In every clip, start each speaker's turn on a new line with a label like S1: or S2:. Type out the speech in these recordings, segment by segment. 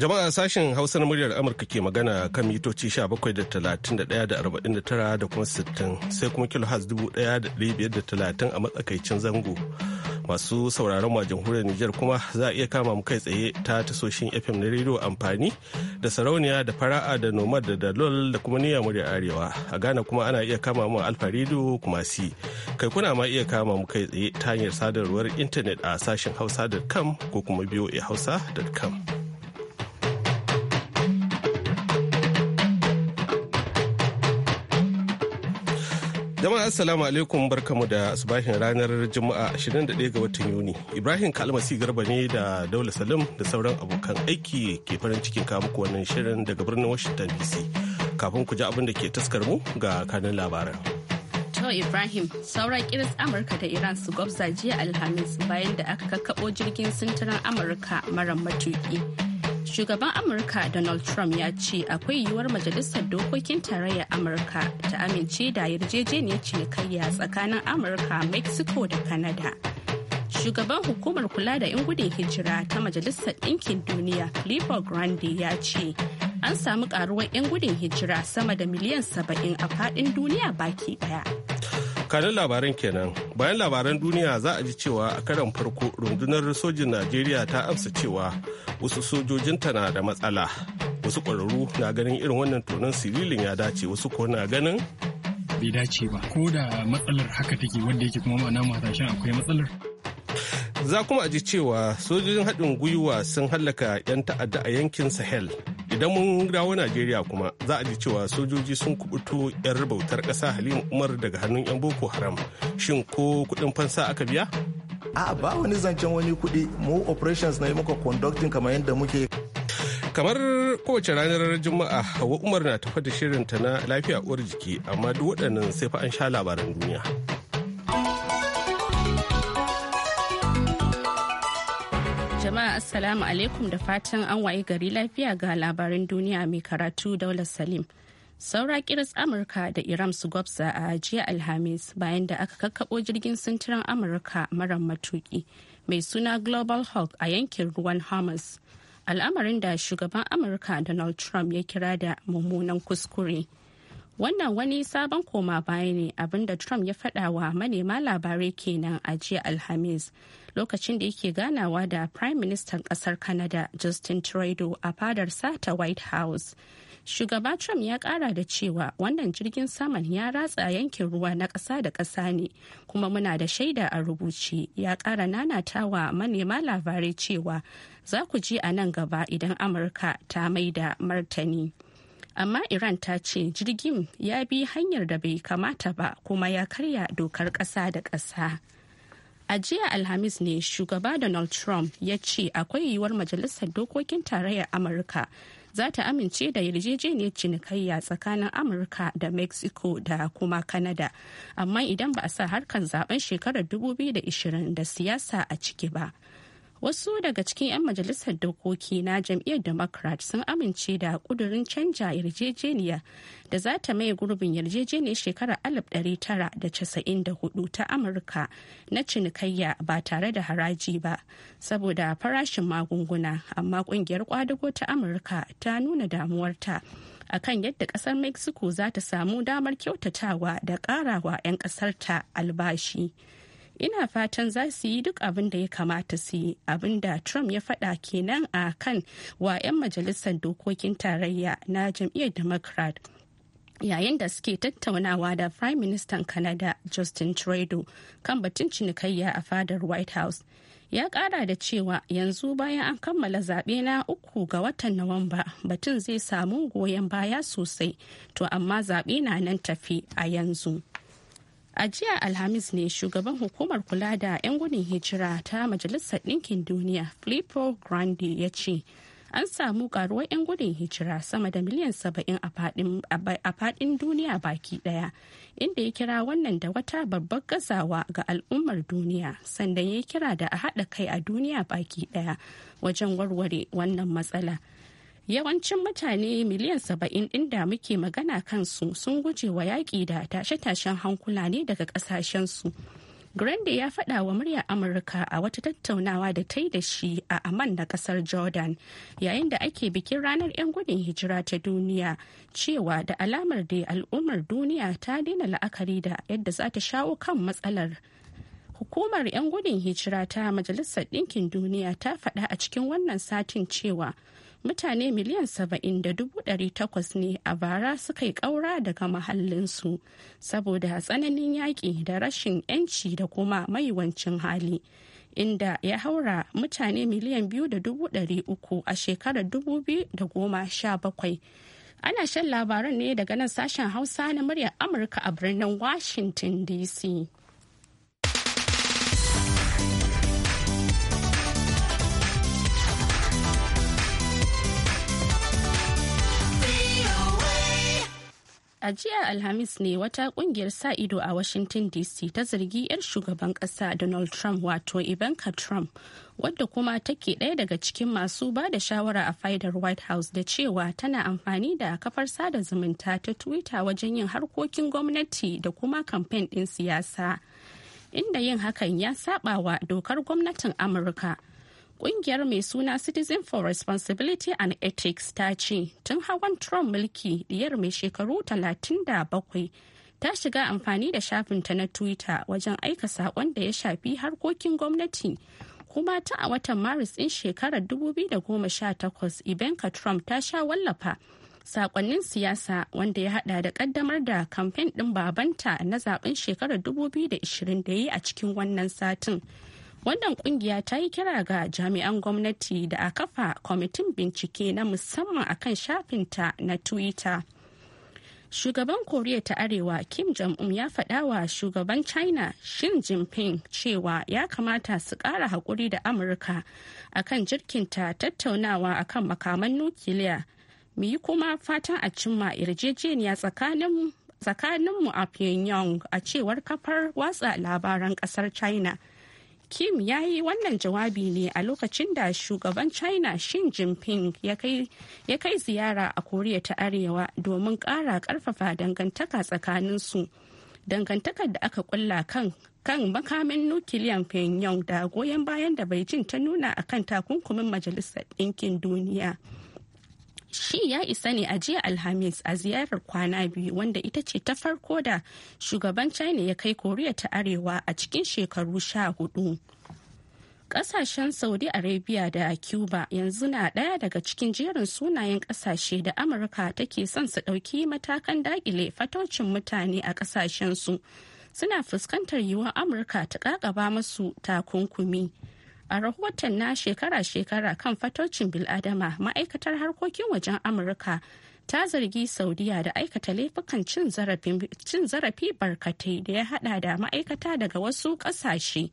S1: Jama'a sashen Hausa na muryar Amurka ke magana kan mitoci 17.31.49 da kuma 60 sai kuma kilohaz 1530 a matsakaicin zango. Masu sauraron ma jamhuriyar Nijar kuma za a iya kama mu kai tsaye ta tasoshin FM na rediyo amfani da sarauniya da fara'a da nomad da dalol da kuma niya muryar arewa. A Ghana kuma ana iya kama mu alfa rediyo kuma si. Kai kuna ma iya kama mu kai tsaye ta hanyar sadarwar intanet a sashen hausa.com ko kuma voahausa.com. hausa.com. Jama'a assalamu alaikum barkamu da asubahin ranar Juma'a 21 ga watan Yuni. Ibrahim Kalmasi Garba ne da Daula Salim da sauran abokan aiki ke farin cikin kawo muku wannan shirin daga birnin Washington DC. Kafin ku ji abin da ke taskar mu ga kanin labaran.
S2: To Ibrahim, sauran kiris Amurka da Iran su gwabza jiya Alhamis bayan da aka kakkaɓo jirgin sintirin Amurka mara matuki. shugaban amurka donald trump ya ce akwai yiwuwar majalisar dokokin tarayyar amurka ta amince da yarjejeniyar cinikayya tsakanin amurka mexico da canada shugaban hukumar kula da 'yan gudun hijira ta majalisar ɗinkin duniya clifford grande ya ce an samu karuwar 'yan gudun hijira sama da miliyan 70 a faɗin duniya baki daya.
S1: kanin labaran kenan bayan labaran duniya za a ji cewa a karan farko rundunar sojin najeriya ta amsa cewa wasu sojojinta na da matsala wasu ƙwararru na ganin irin wannan tonon sirilin ya dace
S3: wasu ko na ganin bai dace ba ko da matsalar haka take wanda yake kuma ma'ana matashin akwai matsalar
S1: za kuma ji cewa sojojin haɗin gwiwa sun hallaka 'yan ta'adda a yankin sahel idan mun dawo najeriya kuma za a ji cewa sojoji sun kubuto 'yan bautar ƙasa halima umar daga hannun 'yan boko haram shin ko kuɗin fansa aka biya a ba wani zancen wani kuɗi mu operations na yi muka conducting kamar yadda muke kamar kowace ranar juma'a hawa umar na tafa da shirinta na lafiya uwar jiki amma duk waɗannan sai fa an sha labaran duniya
S2: jama'a assalamu alaikum da fatan an waye gari lafiya ga labarin duniya mai karatu daular salim saura kiris amurka da iran su gwabza a jiya alhamis bayan da aka kakkabo jirgin sintiran amurka mara matuki mai suna global hawk a yankin ruwan hamas al'amarin da shugaban amurka donald trump ya kira da mummunan kuskure wannan wani sabon koma baya ne abinda trump ya faɗa wa manema labarai kenan a jiya alhamis lokacin da yake ganawa da prime minister kasar canada justin trudeau a fadar ta white house shugaba trump ya kara da cewa wannan jirgin saman ya ratsa yankin ruwa na ƙasa da ƙasa ne kuma muna da shaida a rubuce ya kara wa manema labarai cewa za ku ji a nan gaba idan amurka ta mai da martani. amma iran ta ce jirgin ya bi hanyar da bai kamata ba kuma ya karya dokar ƙasa da ƙasa a jiya alhamis ne shugaba donald trump ya ce akwai yiwuwar majalisar dokokin tarayyar amurka za ta amince da yarjejeniyar cinikayya tsakanin amurka da mexico da kuma canada amma idan ba a sa harkar zaben shekarar 2020 da siyasa a ciki ba wasu daga cikin 'yan majalisar dokoki na jam'iyyar democrat sun amince da kudurin canja yarjejeniya da za ta maye gurbin yarjejeniyar shekarar 1994 ta amurka na cinikayya ba tare da haraji ba saboda farashin magunguna amma kungiyar kwadago ta amurka ta nuna damuwarta akan yadda kasar mexico za ta samu damar kyautatawa da karawa 'yan kasarta albashi. ina fatan za su yi duk abin da ya kamata su yi abin da trump ya faɗa kenan a kan wa 'yan majalisar dokokin tarayya na jam'iyyar democrat yayin da suke tattaunawa da prime minister canada justin trudeau kan batun cinikayya a fadar white house ya kara da cewa yanzu bayan an kammala zaɓe na uku ga watan nuwamba batun zai samu goyon baya sosai to amma zaɓe na nan tafi a yanzu. A jiya Alhamis ne shugaban hukumar kula da 'yan gudun hijira ta Majalisar Ɗinkin Duniya Filippo Grandi ya ce an samu karuwar 'yan gudun hijira sama da miliyan saba'in a fadin duniya baki daya inda ya kira wannan da wata babbar gazawa ga al'ummar duniya sannan ya kira da a haɗa kai a duniya baki ɗaya wajen warware wannan matsala. yawancin mutane miliyan saba'in ɗin da muke magana kansu sun guje wa yaƙi da tashe-tashen hankula ne daga ƙasashensu. Grande ya faɗa wa muryar Amurka a wata tattaunawa da ta yi da shi a aman na ƙasar Jordan yayin da ake bikin ranar 'yan gudun hijira ta duniya cewa da alamar da al'ummar duniya ta daina la'akari da yadda za ta shawo kan matsalar. Hukumar 'yan gudun hijira ta Majalisar Ɗinkin Duniya ta faɗa a cikin wannan satin cewa mutane miliyan saba'in da dubu ɗari takwas ne a bara suka yi ƙaura daga mahallinsu saboda tsananin yaƙi da rashin 'yanci da kuma maiwancin hali inda ya haura mutane miliyan biyu da dubu ɗari uku a shekarar dubu biyu da goma sha bakwai ana shan labaran ne daga nan sashen hausa na muryar amurka a birnin washington dc A jiya Alhamis ne wata kungiyar sa ido a Washington DC ta zargi 'yar shugaban kasa Donald Trump wato Ivanka Trump wadda kuma take ɗaya daga cikin masu ba da shawara a fa'idar White House da cewa tana amfani da kafar sada zumunta ta Twitter wajen yin harkokin gwamnati da kuma kamfen ɗin siyasa. Inda yin hakan ya wa dokar gwamnatin Amurka. kungiyar mai suna citizen for responsibility and ethics ta ce tun hawan trump mulki diyar mai shekaru 37 ta shiga amfani da shafinta na twitter wajen aika saƙon da ya shafi harkokin gwamnati kuma ta a watan maris ɗin shekarar 2018 ibenka trump ta sha wallafa saƙonnin siyasa wanda ya hada da ƙaddamar da kamfen ɗin babanta na zaɓen shekarar 2020 a cikin wannan satin. wannan kungiya ta yi kira ga jami'an gwamnati da a kafa kwamitin bincike na musamman akan shafinta na twitter shugaban koriya ta arewa kim jong-un ya faɗa wa shugaban china xi jinping cewa ya kamata su ƙara haƙuri da amurka akan jirkinta tattaunawa akan makaman nukiliya mu yi kuma fatan a cimma yarjejeniya tsakaninmu a pyongyang a cewar kafar watsa labaran ƙasar china Kim ya yi wannan jawabi ne a lokacin da shugaban China Xi Jinping ya kai ziyara a Koriya ta Arewa domin ƙara ƙarfafa dangantaka tsakaninsu. Dangantakar da aka kulla kan kan makamin nukiliyan Pyongyang da goyon bayan da Beijing ta nuna a kan takunkumin Majalisar Ɗinkin Duniya. shi ya isa ne a jiya alhamis a ziyarar kwana biyu wanda ita ce ta farko da shugaban china ya kai koriya ta arewa a cikin shekaru sha hudu kasashen saudi arabia da cuba yanzu na ɗaya daga cikin jerin sunayen kasashe da amurka take son su ɗauki matakan dakile fatocin mutane a su suna fuskantar yiwuwar amurka ta ƙaƙaba masu takunkumi a rahoton na shekara-shekara kan fatocin biladama ma'aikatar harkokin wajen amurka ta zargi saudiya da aikata laifukan cin zarafi barkatai da ya hada da ma'aikata daga wasu kasashe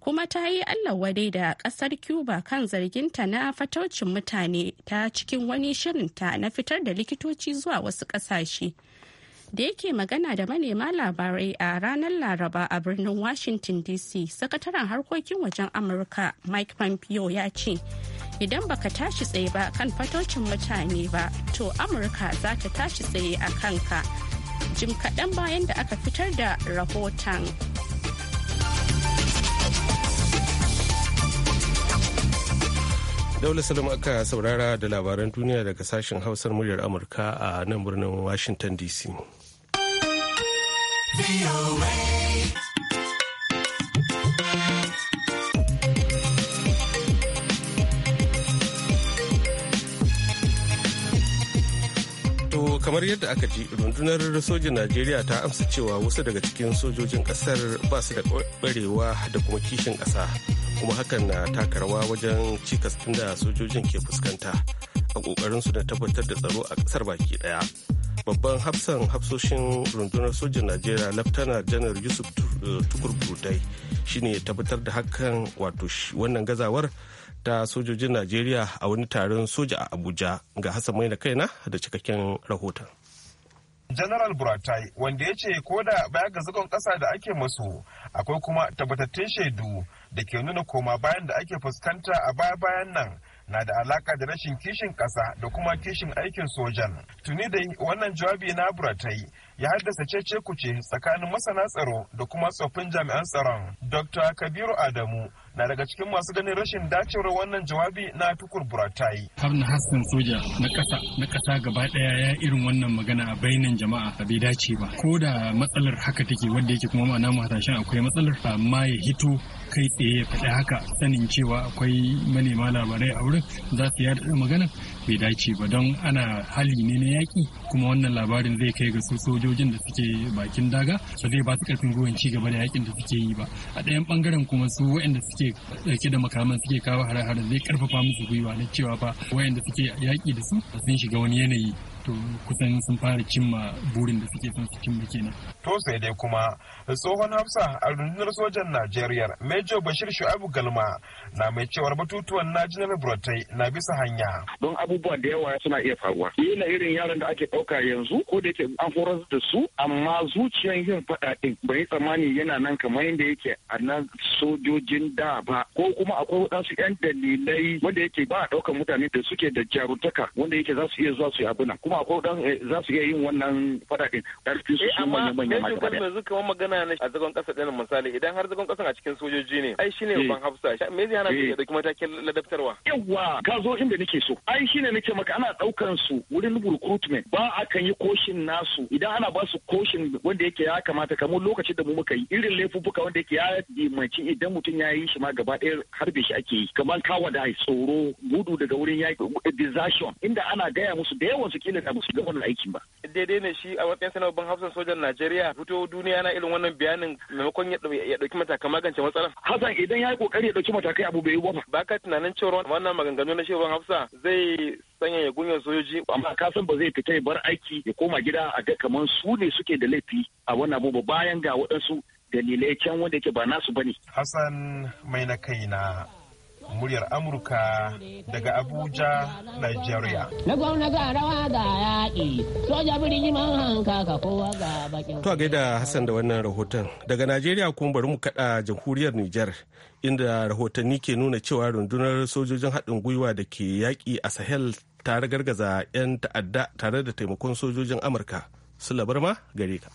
S2: kuma ta yi allah wadai da kasar cuba kan zarginta na fataucin mutane ta cikin wani shirinta na fitar da likitoci zuwa wasu kasashe. da yake magana da manema labarai a ranar laraba a birnin washington dc sakataren harkokin wajen amurka mike pompeo ya ce idan baka tashi tsaye ba kan fatocin mutane ba to amurka za ta tashi tsaye a kanka jim kaɗan bayan da aka fitar da rahoton
S1: Daula Salam aka saurara da labaran duniya daga sashen Hausar muryar Amurka a nan birnin Washington DC. kamar yadda aka ji rundunar sojin najeriya ta amsa cewa wasu daga cikin sojojin kasar ba su da barewa da kuma kishin kasa kuma hakan na takarwa wajen cikas da sojojin ke fuskanta a su da tabbatar da tsaro a kasar baki daya. babban hafsan hafsoshin rundunar sojin najeriya laftana janar yusuf eh, tukur shine tabbatar da hakan wato wannan gazawar ta sojojin najeriya a wani taron soja a abuja ga hassan mai da kaina da cikakken rahoton General Buratai wanda ya ce ko da baya ga zagon ƙasa da ake masu akwai kuma tabbatattun shaidu da ke nuna koma bayan da ake fuskanta a baya bayan nan na da alaka da rashin kishin ƙasa da kuma kishin aikin sojan. Tuni da wannan jawabi na Buratai ya haddasa cece kuce tsakanin masana tsaro da kuma tsoffin jami'an tsaron. Dr. Kabiru Adamu na daga cikin masu ganin rashin dacewar wannan jawabi na tukur buratai.
S3: Harna Hassan soja na ƙasa na ƙasa gaba ɗaya ya irin wannan magana a bainan jama'a bai dace ba. Ko da matsalar haka take wanda yake kuma ma'ana mu hasashen akwai matsalar amma ya hito kai tsaye ya faɗi haka sanin cewa akwai manema labarai a wurin za su da magana bai dace ba don ana hali ne na yaƙi kuma wannan labarin zai kai ga su sojojin da suke bakin daga ba zai ba su ƙarfin gwiwan ci gaba da yaƙin da suke yi ba a ɗayan ɓangaren kuma su waɗanda suke ɗauke da makaman suke kawo hare-hare zai ƙarfafa musu gwiwa na cewa ba waɗanda suke yaƙi da su sun shiga wani yanayi to kusan sun fara cimma burin da suke son su cimma kenan.
S1: To sai dai kuma tsohon Hafsa a rundunar sojan Najeriya Major Bashir Shu'abu Galma na mai cewar batutuwan Najinar Buratai na bisa hanya.
S4: Don abubuwan da yawa suna iya faruwa. na irin yaran da ake ɗauka yanzu ko da yake an horar da su amma zuciyan yin faɗa ɗin bai tsammani yana nan kamar yadda yake a nan sojojin da ba ko kuma akwai waɗansu 'yan dalilai wanda yake ba a ɗaukar mutane da suke da jarutaka wanda yake za su iya zuwa su yi abu kuma ko dan eh, za su iya yin wannan fadadin ƙarfin su eh, sun manyan manya ma Amma yanzu kuma magana ne a zagon kasa ɗin misali idan har zagon kasa a cikin sojoji ne ai shine eh. ban hafsa me zai hana ka ɗauki matakin ladabtarwa yawa ka zo inda nake so ai shine nake maka ana ɗaukan su wurin recruitment ba a kan yi koshin nasu idan ana ba su koshin wanda yake ya kamata kamar lokacin da mu muka yi irin laifuffuka wanda yake ya dimanci idan mutum ya yi shi ma gaba ɗaya harbe shi ake yi kamar kawada. da tsoro gudu daga wurin yaƙi desertion inda ana gaya musu da yawan su kila yasa musu su ga wannan aikin ba daidai ne shi a matsayin sanar ban hafsan sojan Najeriya fito duniya na irin wannan bayanin maimakon ya dauki matakan magance matsalar Hassan idan ya yi kokari ya dauki matakai abu bai yi ba ba ka tunanin cewa wannan maganganu na shugaban Hafsa zai sanya ya gunyar sojoji amma ka san ba zai fita ya bar aiki ya koma gida a ga kamar su ne suke da laifi a wannan abu bayan ga waɗansu dalilai can wanda yake ba nasu ba ne.
S1: Hassan mai na kaina muryar Amurka daga Abuja, Nigeria. To a gaida Hassan da wannan rahoton. Daga nigeria kuma bari mu kada jamhuriyar niger inda rahotanni ke nuna cewa rundunar sojojin haɗin gwiwa da ke yaƙi a Sahel tare gargaza 'yan ta'adda tare da taimakon sojojin Amurka. su labar ma gare ka.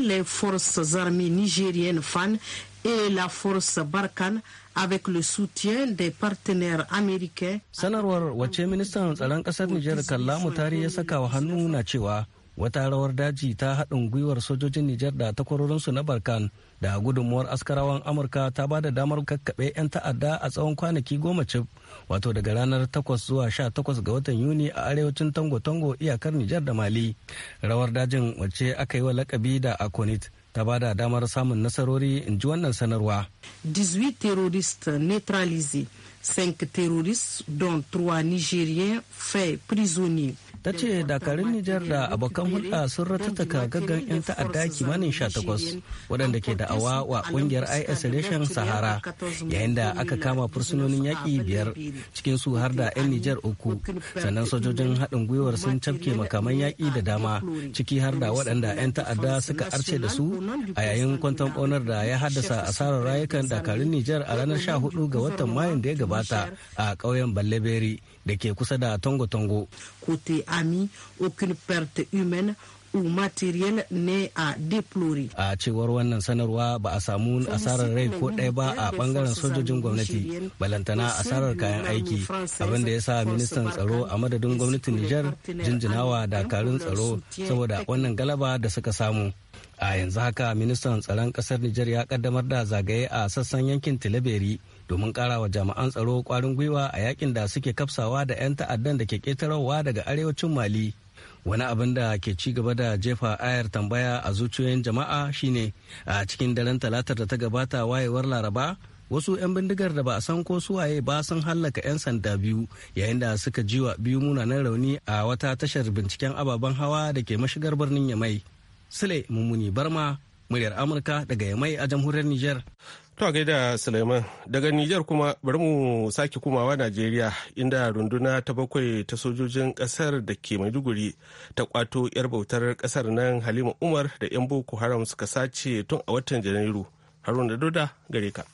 S5: Les forces armées nigériennes FAN et la
S6: force barkan. avec le soutien des partenaires américains.
S5: Sanarwar wace ministan tsaron ƙasar Nijar Kalla Mutari ya saka wa hannu na cewa wata rawar daji ta haɗin gwiwar sojojin Nijar da takwarorinsu na Barkan da gudunmuwar askarawan Amurka ta ba da damar kakkaɓe 'yan ta'adda a tsawon kwanaki goma cif wato daga ranar 8 zuwa 18 ga watan Yuni a arewacin Tango-Tango iyakar Nijar da Mali. Rawar dajin wace aka yi wa lakabi da Akonit ta bada damar samun nasarori in ji wannan sanarwa. 18 terrorists neutralisés, 5 terrorists don 3 Nigerians faits prisonniers. ta ce dakarun Nijar da abokan hulɗa sun ratattaka gaggan 'yan ta'adda kimanin 18 waɗanda ke da'awa wa ƙungiyar IS reshen Sahara yayin da aka kama fursunonin yaƙi biyar cikin su har da 'yan Nijar uku sannan sojojin haɗin gwiwar sun cafke makaman yaƙi da dama ciki har da waɗanda 'yan ta'adda suka arce da su a yayin kwanton ɓaunar da ya haddasa asarar rayukan dakarun Nijar a ranar 14 ga watan Mayun da ya gabata a ƙauyen Balleberi da ke kusa da Tongo-Tongo. Kote ami, aucune perte humaine ou materiel ne a deplore. A cewar wannan sanarwa ba a samu asarar rai ko ɗaya ba a bangaren sojojin gwamnati balantana asarar kayan aiki abinda ya sa ministan tsaro a madadin gwamnatin Nijar jinjinawa dakarun tsaro saboda wannan galaba da suka samu. A yanzu haka ministan tsaron ƙasar Nijar ya kaddamar da zagaye a sassan yankin Tilaberi domin wa jami'an tsaro kwarin gwiwa a yakin da suke kafsawa da 'yan ta'addan da ke ketarawa daga arewacin mali wani abin da ke ci gaba da jefa ayar tambaya a zuciyoyin jama'a shine a cikin daren talatar da ta gabata wayewar laraba wasu 'yan bindigar da ba a san ko suwaye ba sun hallaka 'yan sanda biyu yayin da suka jiwa biyu munanan rauni a wata tashar binciken ababen hawa da ke mashigar birnin yamai sule mummuni barma muryar amurka daga yamai a jamhuriyar niger To
S1: da Sulaiman daga Nijar kuma bari mu sake kumawa Najeriya inda runduna ta bakwai ta sojojin kasar da ke Maiduguri ta kwato 'yar bautar kasar nan
S3: Halima Umar da 'yan Boko Haram suka sace tun a watan Janairu. Haruna Doda gare ka.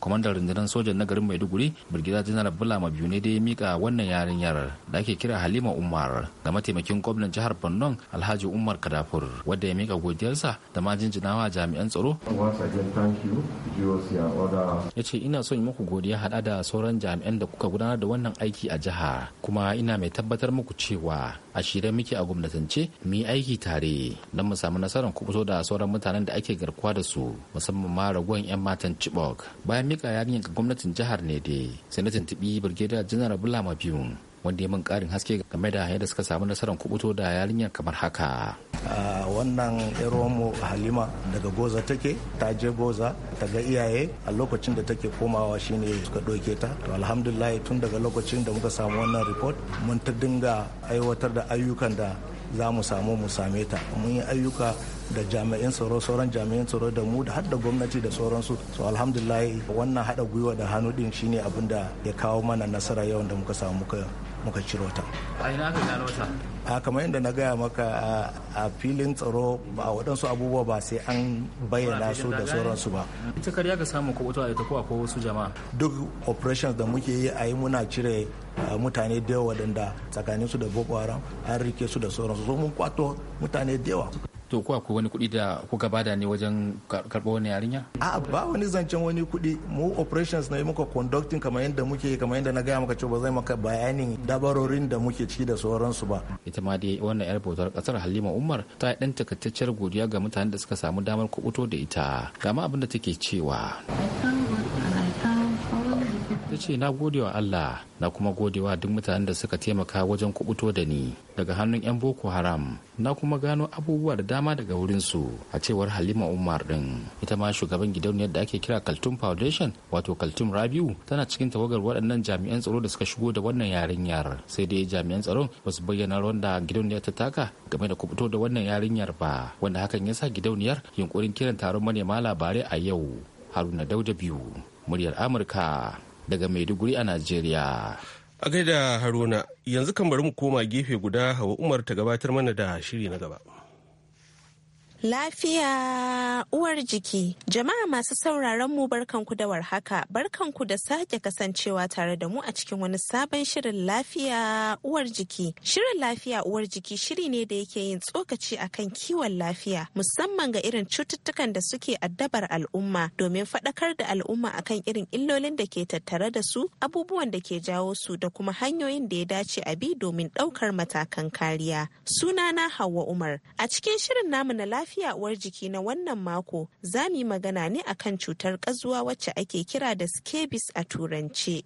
S3: kwamandan rundunar sojan na garin maiduguri birgida janar ma biyu ne da ya mika wannan yarinyar da ake kira halima umar ga mataimakin gwamnan jihar borno alhaji umar kadafur wadda ya mika godiyarsa da ma jinjinawa jami'an tsaro ya ce ina son yi muku godiya hada da sauran jami'an da kuka gudanar da wannan aiki a jiha kuma ina mai tabbatar muku cewa a shirye muke a gwamnatance mu aiki tare don mu samu nasarar kubuto da sauran mutanen da ake garkuwa da su musamman ma raguwan 'yan matan chibok bayan an mika ga gwamnatin jihar ne da sanatan tibi birgeda janar bulama biyu wanda ya min karin haske game da yadda suka samu nasarar kubuto da yarinyar kamar haka.
S7: wannan mu halima daga goza take ta je goza ta ga iyaye a lokacin da take komawa shine suka ɗauke ta to alhamdulillah tun daga lokacin da muka samu wannan report mun ta dinga aiwatar da ayyukan da za mu samu mu same ta mun yi ayyuka da jami'an tsaro sauran jami'an tsaro da mu da har gwamnati da sauransu so alhamdulillah wannan hada gwiwa da hannu din shine abin da ya kawo mana nasara yawan da muka samu muka muka ciro ta
S3: a ina ka gano ta
S7: a kamar yadda na gaya maka a filin tsaro a waɗansu abubuwa ba sai an bayyana su da sauransu ba ita kariya ka samu ko ita ko wasu jama'a duk operations da muke yi a yi muna cire Eh, mutane da yawa waɗanda tsakanin su da boko haram an rike su da sauransu so mun kwato mutane da yawa to
S3: ko akwai wani kuɗi da kuka bada ne wajen karɓar wani yarinya
S7: a ba wani zancen wani kuɗi mu operations na yi muka conducting kamar yadda muke kamar yadda na gaya maka cewa ba zai maka bayanin
S3: dabarorin da muke ciki da sauransu ba ita ma dai wannan yar bautar kasar halima umar ta yi ɗan takaitacciyar godiya ga mutanen da suka samu damar kubuto da ita ga ma abin da take cewa ta ce na gode wa Allah na kuma godewa duk mutanen da suka taimaka wajen kubuto da ni daga hannun 'yan boko haram na kuma gano abubuwa da dama daga wurin su a cewar halima umar din ita ma shugaban gidauniyar da ake kira kaltum foundation wato kaltum rabiu tana cikin tawagar waɗannan jami'an tsaro da suka shigo da wannan yarinyar sai dai jami'an tsaron ba su bayyana ruwan da gidauniyar ta taka game da kubuto da wannan yarinyar ba wanda hakan ya sa gidauniyar yunkurin kiran taron manema labarai a yau haruna dauda biyu muryar amurka daga Maiduguri a Najeriya.
S1: A gaida Haruna, yanzu kan bari mu koma gefe guda Hawa Umar ta gabatar mana da shiri na gaba.
S6: Lafiya uwar jiki. Jama'a masu sauraron mu barkanku da warhaka, barkanku da sake kasancewa tare da mu a cikin wani sabon shirin lafiya uwar jiki. Shirin lafiya uwar jiki shiri ne da yake yin tsokaci akan kiwon lafiya, musamman ga irin cututtukan da suke addabar al'umma domin faɗakar da al'umma akan irin illolin da ke tattare da su, abubuwan da ke jawo su da kuma hanyoyin da ya dace a bi domin ɗaukar matakan kariya. Sunana Hauwa Umar. A cikin shirin namu na lafiya lafiya uwar jiki na wannan mako za mu yi magana ne a kan cutar ƙazuwa wacce ake kira da skebis a turance.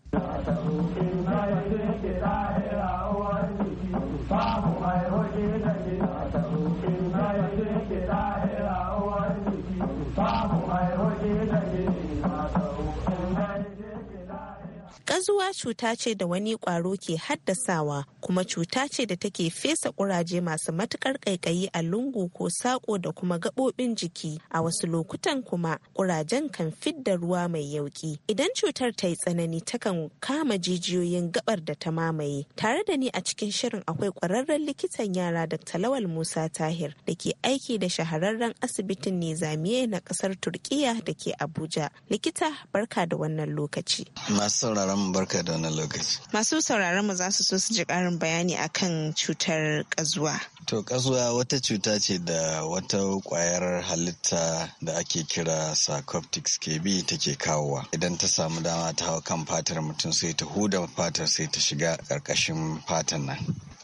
S6: Ƙazuwa cuta ce da wani ƙwaro ke haddasawa kuma cuta ce da take fesa ƙuraje masu matuƙar ƙaiƙayi a lungu ko saƙo da kuma gaɓoɓin jiki. A wasu lokutan kuma ƙurajen kan fidda ruwa mai yauƙi. Idan cutar ta yi tsanani takan kama jijiyoyin gaɓar da ta mamaye. Tare da ni a cikin shirin akwai ƙwararren likitan yara da Talawal Musa Tahir da ke aiki da shahararren asibitin Nizamiye na ƙasar Turkiya da ke Abuja. Likita barka da wannan lokaci.
S8: Masu sauraron mu barka da wannan lokaci.
S6: Masu sauraron mu za su so su ji ƙarin bayani akan cutar ƙazuwa.
S8: To ƙazuwa wata cuta ce da wata ƙwayar halitta da ake kira sarcoptics KB take kawowa. Idan ta samu dama ta hau kan fatar mutum sai ta huda fatar sai ta shiga ƙarƙashin fatan nan.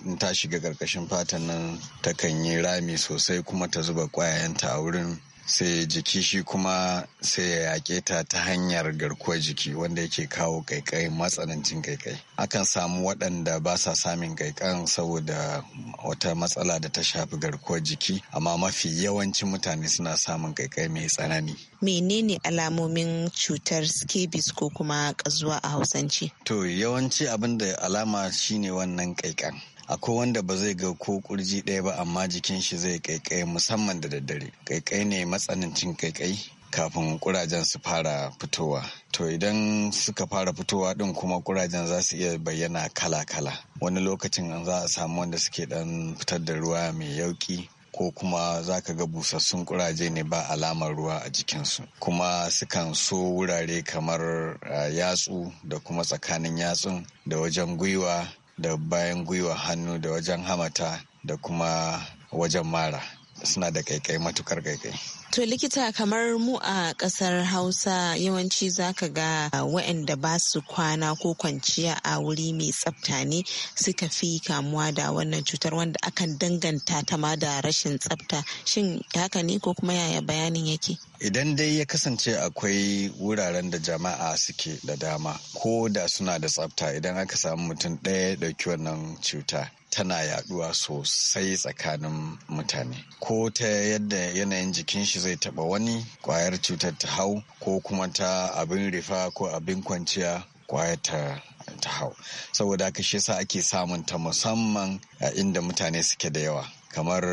S8: in ta shiga ƙarƙashin fatar nan ta kan yi rami sosai kuma ta zuba ƙwayayenta a wurin sai jiki shi kuma sai ya yaƙe ta ta hanyar garkuwar jiki wanda yake kawo kaikai matsanancin kaikai akan samu waɗanda ba sa samun kaikan saboda wata matsala da ta shafi garkuwar jiki amma mafi yawancin mutane suna samun kaikai mai tsanani
S6: menene alamomin cutar scabies ko kuma ƙazuwa a hausance
S8: to yawanci abin alama shine wannan ƙaiƙan. akwai wanda ba zai ga ko kurji ɗaya ba amma jikin shi zai kaikai musamman da daddare kaikai ne matsanancin kaikai kafin kurajen su fara fitowa to idan suka fara fitowa din kuma kurajen za su iya bayyana kala-kala wani lokacin an za a samu wanda suke dan fitar da ruwa mai yauki ko kuma za ka ga busassun kuraje ne ba alamar ruwa a jikinsu kuma sukan so wurare kamar ah, yatsu da kuma tsakanin yatsun da wajen gwiwa da bayan gwiwa hannu da wajen hamata da kuma wajen mara suna da kaikai matukar kaikai
S6: To likita kamar mu a kasar Hausa yawanci zaka ga ah, waɗanda ba su kwana ko kwanciya a wuri mai tsafta ne suka fi kamuwa da wannan cutar wanda akan danganta ta ma da rashin tsafta. Shin haka ne ko kuma yaya bayanin yake?
S8: Idan dai ya kasance akwai wuraren da jama'a suke da dama ko da suna da tsafta idan aka samu mutum ɗaya ɗauki wannan cuta tana yaduwa sosai tsakanin mutane ko ta yadda yanayin jikin shi zai taba wani kwayar cutar ta hau ko kuma ta abin rifa ko abin kwanciya kwayar ta ta hau saboda haka shi yasa ake samun ta musamman a inda mutane suke da yawa kamar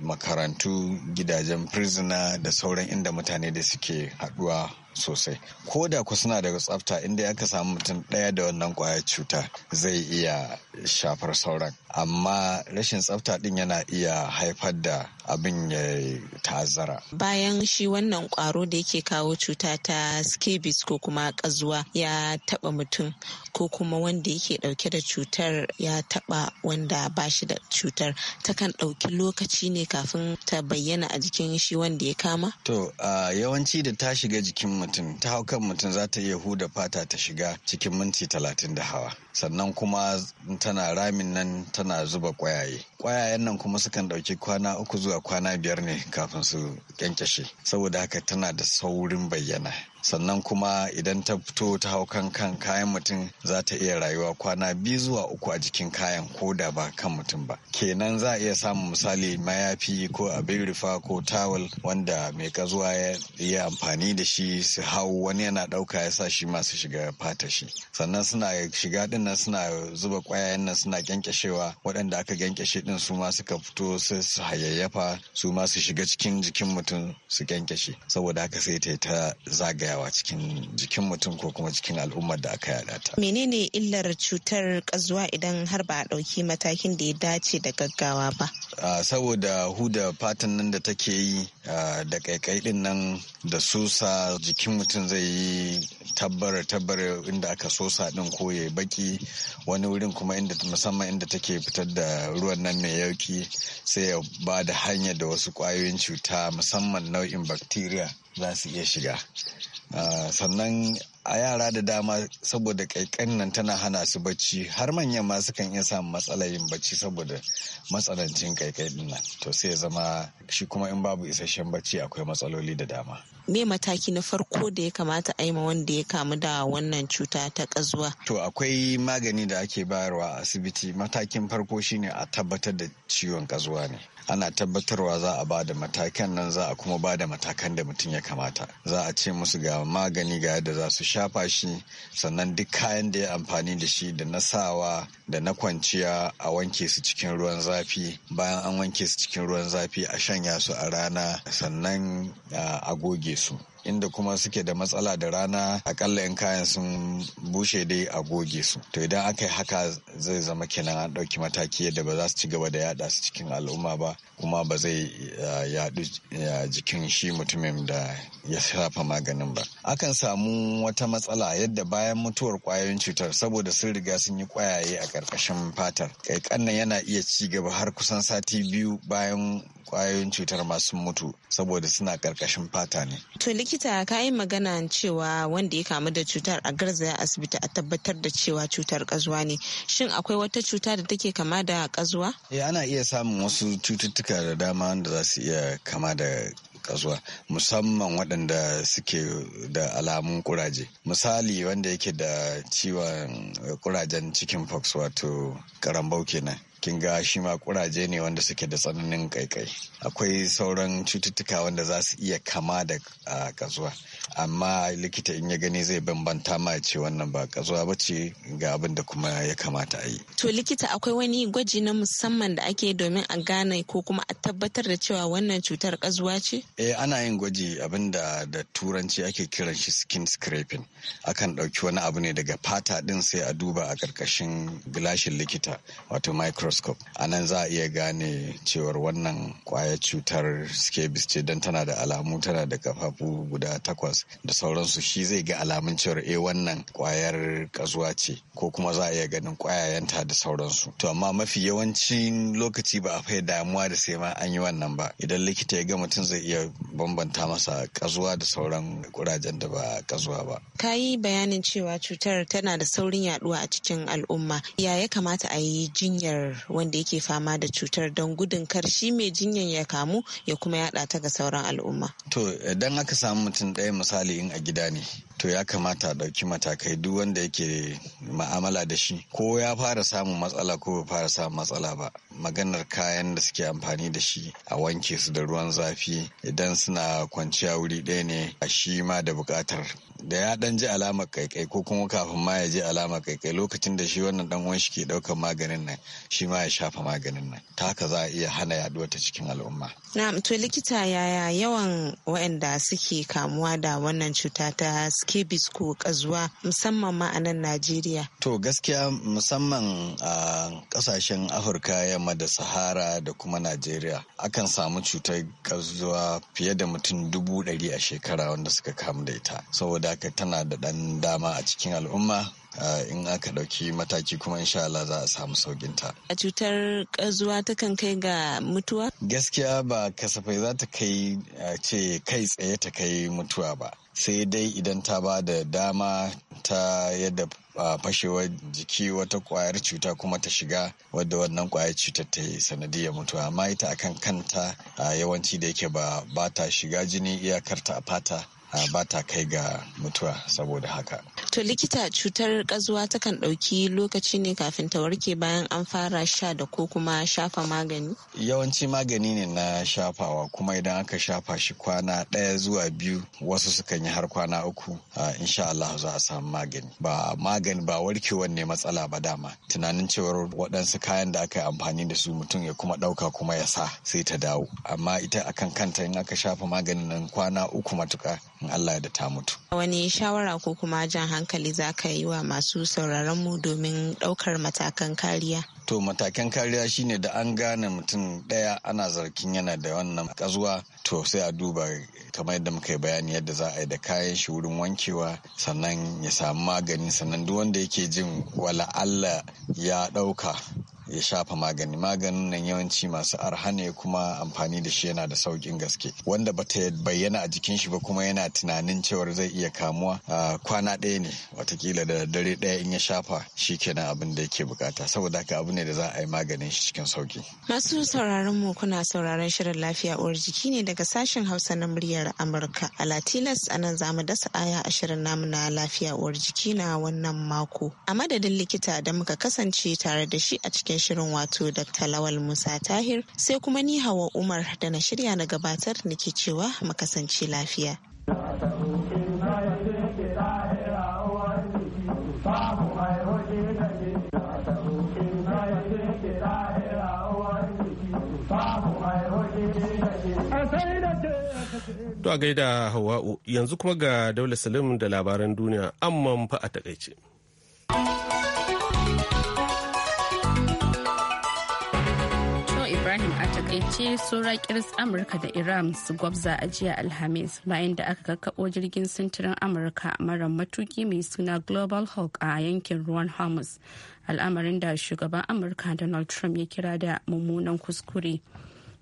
S8: makarantu gidajen prisoner da sauran inda mutane da suke haduwa sosai ko da ku suna daga tsafta inda aka samu mutum ɗaya da wannan kwaya cuta zai iya shafar sauran amma rashin tsafta ɗin yana iya haifar da abin ya tazara
S6: bayan shi wannan ƙwaro da yake kawo cuta ta scabies ko kuma ƙazuwa ya taɓa mutum ko kuma wanda yake ɗauke da cutar ya taɓa wanda ba shi da cutar takan ɗauki lokaci ne kafin ta bayyana
S8: a jikin shi wanda ya kama to yawanci da ta shiga jikin mutum ta hau kan mutum za ta iya huda fata ta shiga cikin minti talatin da hawa sannan kuma tana ramin nan tana zuba kwayaye kwayayen nan kuma sukan ɗauki kwana uku zuwa kwana biyar ne kafin su kyankyashe saboda haka tana da saurin bayyana sannan kuma idan ta fito ta hau kan kan kayan mutum za ta iya rayuwa kwana biyu zuwa uku a jikin kayan ko da ba kan mutum ba kenan za a iya samun misali mayafi ko abin rufa ko tawul wanda mai kazuwa ya yi amfani da shi su hau wani yana ɗauka ya sa shi masu shiga fata shi sannan suna shiga din nan suna zuba ƙwayayen nan suna kyankyashewa waɗanda aka kyankyashe din su ma suka fito su hayayyafa su ma su shiga cikin jikin mutum su kyankyashe saboda haka sai ta ta zagaya yawa cikin jikin mutum ko kuma cikin al'ummar da aka yada ta.
S6: Menene illar cutar kazuwa idan har ba a ɗauki matakin da ya dace da gaggawa ba?
S8: Saboda huda fatan nan da take yi da kaikai din nan da sosa jikin mutum zai yi tabbara tabbara inda aka sosa din ko ya baki wani wurin kuma inda musamman inda take fitar da ruwan nan mai yauki sai ya ba da hanya da wasu kwayoyin cuta musamman nau'in bacteria za su iya shiga ah, sannan a yara da dama saboda kaikan nan tana hana su bacci har manyan ma sukan iya samun matsalar yin bacci saboda matsanancin kaikai din nan to sai zama shi kuma in babu isasshen bacci akwai matsaloli da dama
S6: me mataki na farko da ya kamata a yi ma wanda ya kamu da wannan cuta ta kazuwa
S8: to akwai magani da ake bayarwa a asibiti matakin farko shine a tabbatar da ciwon kazuwa ne ana tabbatarwa za a ba da matakan nan za a kuma ba da matakan da mutum ya kamata za a ce musu ga magani ga yadda za su shafa shi sannan duk kayan da ya amfani da shi da na sawa da na kwanciya a wanke su cikin ruwan zafi bayan an wanke su cikin ruwan zafi a shanya su a rana sannan a goge su inda kuma suke da matsala da rana akalla in kayan sun bushe dai a goge su to idan aka yi haka zai zama kenan an ɗauki mataki yadda ba za su ci gaba da yada su cikin al'umma ba kuma ba zai ah, yadu jikin shi mutumin da ya shafa maganin ba akan samu wata matsala yadda bayan mutuwar kwayoyin cutar saboda sun riga sun yi kwayaye a ƙarƙashin fatar ƙaiƙan nan yana iya ci gaba har kusan sati biyu bayan kwayoyin cutar masu mutu saboda suna karkashin fata ne.
S6: To likita ka yi magana cewa wanda ya kamu da cutar a garzaya asibiti a tabbatar da cewa cutar kazuwa ne. Shin akwai wata cuta da take kama da kazuwa?
S8: Eh ana iya samun wasu cututtuka da dama wanda za su iya kama da kazuwa musamman waɗanda suke da alamun kuraje misali wanda yake da ciwon kurajen chicken pox wato karambau kenan kin ga shi ma kuraje ne wanda suke da tsananin kaikai akwai sauran cututtuka wanda za su iya kama da kazuwa amma likita in ya gani zai bambanta ma ce wannan ba kazuwa ba ce ga abin da kuma ya kamata a yi
S6: to likita akwai wani gwaji na musamman da ake domin a gane ko kuma a tabbatar da cewa wannan cutar
S8: kazuwa ce eh ana yin gwaji abin da da turanci ake kiran shi skin scraping akan ɗauki wani abu ne daga fata din sai a duba a karkashin gilashin likita wato micro microscope a nan za a iya gane cewar wannan kwaya cutar scabies ce don tana da alamu tana da kafafu guda takwas da sauransu shi zai ga alamun cewar a eh, wannan kwayar kazuwa ce ko kuma za a iya ganin kwayayenta da sauransu to amma mafi yawancin lokaci ba a fai damuwa da sai ma an yi wannan ba idan likita ya ga mutum zai iya bambanta masa kazuwa da sauran kurajen da ba kazuwa ba
S6: ka yi bayanin cewa cutar tana da saurin yaduwa a cikin al'umma ya ya kamata a yi jinyar wanda yake fama da cutar don gudun kar shi mai jinyan ya kamu ya kuma yaɗa ta ga sauran al'umma.
S8: To idan aka samu mutum ɗaya misali in a gida ne to ya kamata a ɗauki matakai duk wanda yake ma'amala da shi ko ya fara samun matsala ko bai fara samun matsala ba maganar kayan da suke amfani da shi a wanke su da ruwan zafi idan suna kwanciya wuri ɗaya ne a shi ma da buƙatar da ya dan ji alamar kaikai ko kuma kafin ma ya ji alamar kaikai lokacin da shi wannan dan uwan shi ke ɗaukar maganin nan shi ma ya shafa maganin nan ta haka za a iya hana yaduwar ta cikin al'umma
S6: na'am to likita yaya yawan waɗanda suke kamuwa da wannan cuta ta scabies ko kazuwa musamman ma a nan Najeriya
S8: to gaskiya musamman a kasashen Afirka yamma da Sahara da kuma Najeriya akan samu cutar kazuwa fiye da mutum dubu ɗari a shekara wanda suka kamu da ita saboda haka tana da ɗan dama a cikin al'umma Ah, in aka ɗauki mataki kuma insha Allah za a samu saukin ta.
S6: A cutar ta takan kai ga mutuwa?
S8: Gaskiya ba kasafai za ta kai ce kai tsaye ta kai mutuwa ba. Sai dai idan ta ba da dama ta yadda fashewar jiki wata kwayar cuta kuma ta shiga wadda wannan kwayar cutar ta yi sanadiyar mutuwa amma ita akan kanta yawanci da yake ba ba ta shiga jini iyakarta a fata ba ta kai ga mutuwa saboda haka.
S6: To likita cutar ƙazuwa takan ɗauki lokaci ne kafin ta warke bayan an fara sha da ko kuma shafa magani?
S8: Yawanci magani ne na shafawa kuma idan aka shafa shi kwana ɗaya zuwa biyu wasu sukan yi har kwana uku insha Allah za a samu magani. Ba magani ba warkewar ne matsala ba dama tunanin cewar waɗansu kayan da aka yi amfani da su mutum ya kuma ɗauka kuma ya sa sai ta dawo amma ita akan kanta in aka shafa maganin nan kwana uku matuka in Allah da ta mutu.
S6: Wani shawara ko kuma jan hankali za ka yi wa masu sauraron mu domin ɗaukar matakan kariya?
S8: To matakan kariya shine da an gane mutum ɗaya ana zargin yana da wannan kazuwa to sai a duba kamar yadda muka yi bayani yadda za a yi da kayan shi wurin wankewa sannan ya samu magani sannan duk wanda yake jin wala Allah ya ɗauka ya shafa magani maganin nan yawanci masu arha ne kuma amfani da shi yana da saukin gaske wanda bata bayyana a jikin shi ba kuma yana tunanin cewar zai iya kamuwa kwana ɗaya ne watakila da dare ɗaya in ya shafa shi kenan abin da yake bukata saboda haka abu ne da za a yi maganin shi cikin sauki
S6: masu sauraron mu kuna sauraron shirin lafiya uwar jiki ne daga sashen hausa na muryar amurka a latinas a nan zamu dasa aya a shirin namu na lafiya uwar jiki na wannan mako a madadin likita da muka kasance tare da shi a cikin shirin wato Dr. Lawal Musa Tahir sai kuma ni Hawa Umar da na shirya na gabatar nake cewa makasance lafiya.
S1: To a gaida Hawa'u yanzu kuma ga Daula Salim da labaran duniya amman fa a takaice.
S2: takaice tsora kirs amurka da iran su gwabza a jiya alhamis bayan da aka kakkaɓo jirgin sintirin amurka mara matuki mai suna global hawk a yankin ruwan hamas al'amarin da shugaban amurka donald trump ya kira da mummunan kuskure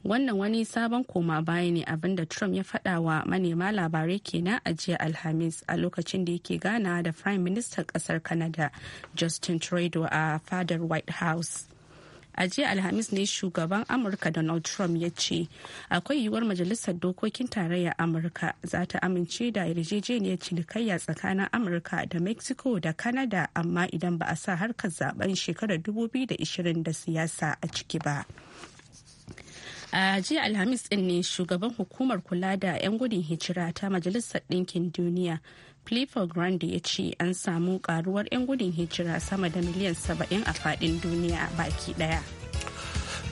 S2: wannan wani sabon koma baya ne abinda trump ya fada wa manema labarai kenan a jiya alhamis a lokacin da yake gana da prime minister kasar canada justin trudeau a fadar white house a jiya alhamis ne shugaban amurka donald trump ya ce akwai yiwuwar majalisar dokokin tarayyar amurka za ta amince da yarjejeniyar cinikayya tsakanin amurka da mexico da canada amma idan ba a sa harkar zaben shekarar 2020 da siyasa a ciki ba. a jiya alhamis din ne shugaban hukumar kula da 'yan gudun hijira ta majalisar ɗinkin duniya clifford grande ya ce an samu karuwar 'yan gudun hijira sama da miliyan 70 a fadin duniya baki daya.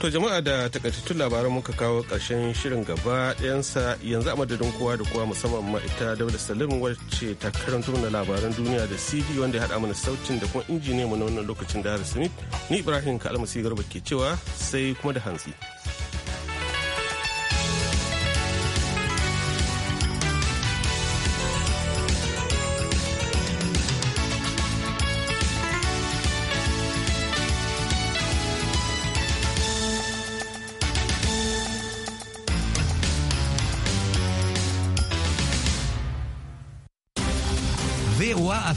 S1: To jama'a da takaitattun labaran muka kawo ƙarshen shirin gaba ɗayansa yanzu a madadin kowa da kowa musamman ma ita Dauda Salim wacce ta karanta mana labaran duniya da CD wanda ya haɗa mana sautin da kuma injiniyan mu na wannan lokacin da Smith ni Ibrahim Kalmasi Garba ke cewa sai kuma da hantsi.